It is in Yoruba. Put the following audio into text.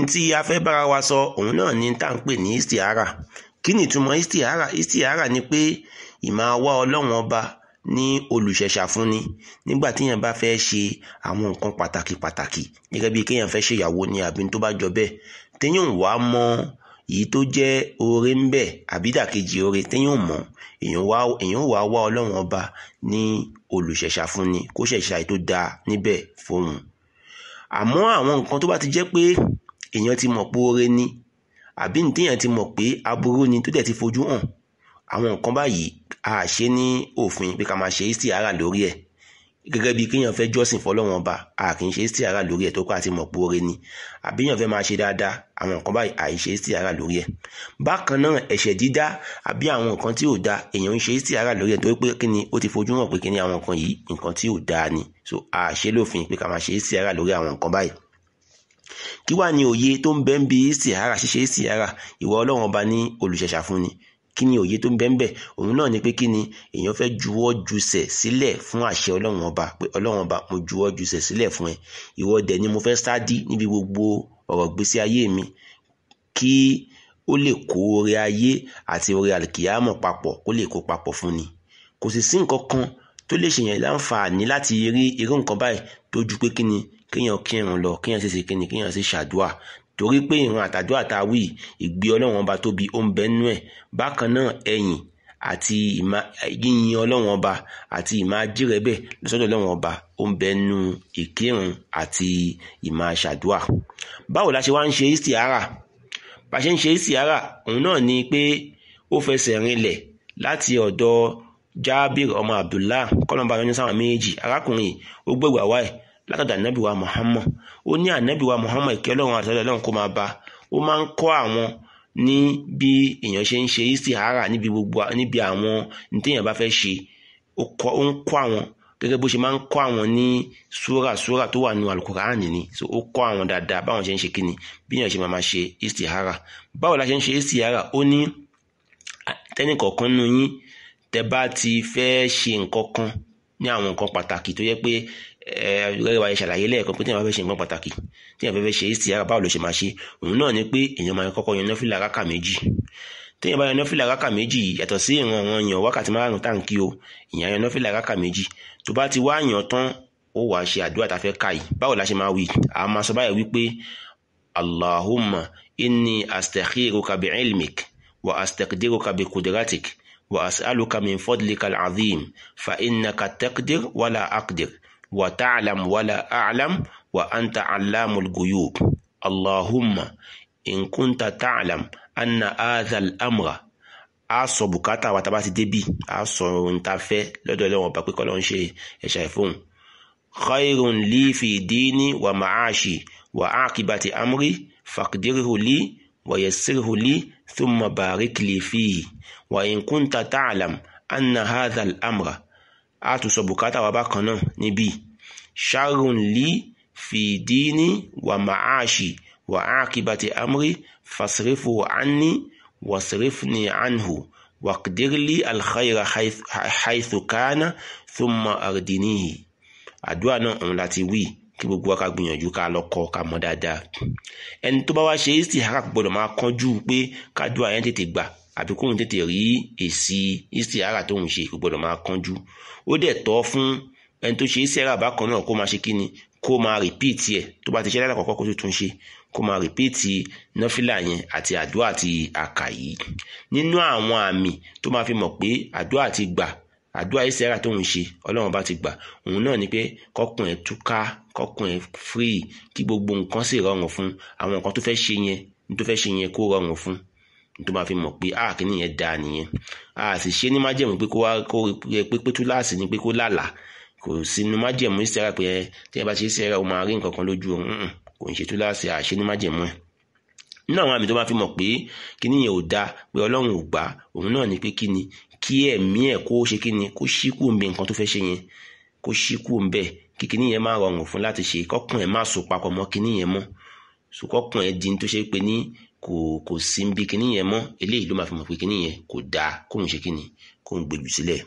ntí afẹ́bára wa sọ òun náà ni tá à ń pè ní istiara kí ni ìtumọ̀ istiara istiara ni pé ìmáa wá ọlọ́run ọba ní olùṣẹ̀ṣà fún ni nígbà téèyàn bá fẹ́ ṣe àwọn nǹkan pàtàkì pàtàkì gẹ́gẹ́ bíi kéèyàn fẹ́ ṣèyàwó ni àbí tó bá jọ bẹ́ẹ̀ téèyàn wá mọ èyí tó jẹ́ oore ń bẹ àbí ìdàkejì oore téèyàn mọ̀ èyàn wá èyàn wá wá ọlọ́run ọba ní olùṣẹ̀ṣà fún ni kó ṣẹ̀ṣà tó dáa níbẹ̀ fóun àmọ́ àwọn nǹkan tó bá ti jẹ́ pé èèyàn ti mọ̀ pé oore ni àbí ní téèyàn ti mọ̀ pé aburú ni tó dẹ̀ ti fojú hàn àwọn nǹkan báyìí a ṣe ní òfin pé ká máa ṣe istiara lórí ẹ̀ gẹ́gẹ́ bíi kéèyàn fẹ́ jọ́sìn fọlọ́wọ́n ọba a kì í ṣe istiara lórí ẹ̀ tó kọ́ àti mọ̀ pé oore ni àbí èèyàn fẹ́ máa ṣe dáadáa àwọn nǹkan báyìí à ń ṣe istiara lórí ẹ̀ bákan náà ẹ̀ṣẹ̀ dídá àbí àwọn nǹkan tí ò da èèyàn ń ṣe istiara lórí ẹ̀ torí pé kí ni ó ti fojú hàn pé kí ni àwọn nǹkan yìí nǹkan tí ò da ni so a ṣe lófin pé ká máa ṣe istiara lórí àwọn nǹkan báyìí kí wàá ní òye tó ń bẹ ń bi istiara ṣíṣe istiara ìwà ọlọ́run ọba ní olùṣẹ̀ṣà fún ni kí ni òye tó ń bẹ ń bẹ òun náà ni pé kí ni èèyàn fẹ́ juwọ́ jusẹ̀ sílẹ̀ fún àṣẹ ọlọ́run ọba pé ọlọ́run ọba mo juwọ́ jusẹ̀ sílẹ̀ fún ẹ ìwọ dẹ̀ ni mo fẹ́ sádí níbi gbogbo ọ̀rọ̀ gbésí ayé mi kí ó lè kó oore ayé àti oore àlìkìyàmọ̀ papọ̀ kó lè kó papọ̀ fún ni kò sì sí nǹkan kan tó lè ṣèyàn láǹfààní láti rí irú nǹkan báyìí tó ju pé kíni kéèyàn kírun lọ kéèyàn ṣe ṣe kíni kéèyàn ṣe ṣàdúà torí pé ìran àtàdúà tá a wí ìgbé ọlọ́run ọba tóbi ó ń bẹ nú ẹ̀ bákan náà ẹ̀yìn àti ìmá yíyin ọlọ́run ọba àti ìmá jírẹ́bẹ̀ lọ́sọ́dọ̀ ọlọ́run ọba ó ń bẹ nú ìkírun àti ìmá ṣàdúà báwo la ṣe wá ń ṣe istiara bá a ṣe ń ṣe istiara òun náà ni pé ó fẹsẹ̀ rinlẹ̀ láti ọ̀dọ̀ jaabir ọmọ abdullah kọlọmba yọnyún sáwọn méjì arákùnrin ó gbégbà wáyé látọ̀dọ̀ ànábìwá muhammad ó ní ànábìwá muhammad kí ọlọ́run àti ọlọ́run kó máa bá ó máa ń kọ́ àwọn ní bí èèyàn ṣe ń ṣe istihara níbi gbogbo níbi àwọn nítèèyàn bá fẹ́ ṣe ó ń kọ́ àwọn gẹ́gẹ́ bó ṣe máa ń kọ́ àwọn ní súrà súrà tó wà nínú alukur'an ni so ó kọ́ àwọn dáadáa báwọn ṣe ń ṣe kíni bí èèyàn ṣe máa ṣe istihara báwo la ṣe ń ṣe istihara ó ní tẹ́nìkọ̀ọ̀kan nínú yín tẹ bá ti fẹ́ ṣe nǹkan kan ní àwọn nǹkan pàtàkì tó yẹ pé ẹ rẹ wa ṣàlàyé lẹ́ẹ̀kan pé tí èèyàn bá fẹ́ ṣe nǹkan pàtàkì tí èèyàn fẹ́ fẹ́ ṣe èsì ara báwo ló ṣe máa ṣe òun náà ni pé èèyàn máa kọ́kọ́ yan nọ́fìlà rákà méjì tí èèyàn bá yan nọ́fìlà rákà méjì yàtọ̀ sí ìran àwọn èèyàn wákàtí márùn tá à o èèyàn yan nọ́fìlà rákà méjì tó bá ti wá yàn tán ó wàá ṣe àdúrà tá a fẹ́ ká yìí báwo la ṣe máa wí a máa sọ báyìí wípé Allahumma inni astaghiruka bi ilmik wa astaqdiruka bi kudratik وأسألك من فضلك العظيم فإنك تقدر ولا أقدر وتعلم ولا أعلم وأنت علام الغيوب اللهم إن كنت تعلم أن هذا الأمر أصب كتا وتباسي دبي أصب انتفي لدو لون وباكوي خير لي في ديني ومعاشي وعاقبة أمري فاقدره لي ويسره لي ثم بارك لي فيه وإن كنت تعلم أن هذا الأمر أتصبكات وباكنا نبي شر لي في ديني ومعاشي وعاقبة أمري فاصرفه عني واصرفني عنه واقدر لي الخير حيث, حيث كان ثم أردنيه àdúrà náà òun kí gbogbo wa ká gbìyànjú ká lọ kọ ká mọ̀ dáadáa ẹni tó bá wá ṣe istihara gbọ́dọ̀ máa kánjú pé kádùá yẹn tètè gbà àbí kóun tètè rí èsì istihara tóun ṣe kò gbọ́dọ̀ máa kánjú ó dẹ̀ tọ́ fún ẹni tó ṣe istihara bákan náà kó máa ṣe kíni kó máa rìpíìtì ẹ̀ tó bá ti ṣe lálẹ́ àkọ́kọ́ kó tó tún ṣe kó máa rìpíìtì nọ́fìlà yẹn àti àdúrà àti àkàyí nínú àwọn àmì tó máa fi mọ̀ pé àdúrà ti gbà àdúrà ìsẹ́ra tó ń ṣe ọlọ́run bá ti gbà òun náà ni pé kọ́kùn ẹ̀ túká kọ́kùn ẹ̀ fírì kí gbogbo nǹkan sì rọrùn fún àwọn nǹkan tó fẹ́ ṣe yẹn tó fẹ́ ṣe yẹn kó rọrùn fún tó máa fi mọ̀ pé ah, a kì nìyẹn da nìyẹn a sì ṣe ní májẹ̀mú pé kó wá kó pé pé túláàsì ni pé kó lálàá kò sínú májẹ̀mú ìsẹ́ra pé ẹ tí ẹ bá ṣe ìsẹ́ra o máa rí nǹkan kan lójú òun kò ń ṣe túláàsì àṣẹ ní májẹ̀mú ẹ̀ nínú àwọn àmì tó bá fi mọ̀ pé kíní yẹn ò dáa pé ọlọ́run ò gbà òun náà ni pé kíni kí ẹ̀mí ẹ̀ kó ṣe kíni kó ṣíkú òǹbẹ nǹkan tó fẹ́ ṣe yẹn kó ṣíkú òǹbẹ kí kíní yẹn má rọrùn fún láti ṣe kọ́kàn ẹ̀ má so papọ̀ mọ́ kíní yẹn mọ́ so kọ́kàn ẹ̀ di tó ṣe pé ní kò kò sí bí kíní yẹn mọ́ eléyìí ló máa fi mọ̀ pé kíní yẹn kò dáa kóun ṣe kíni kóun gbèjù sílẹ̀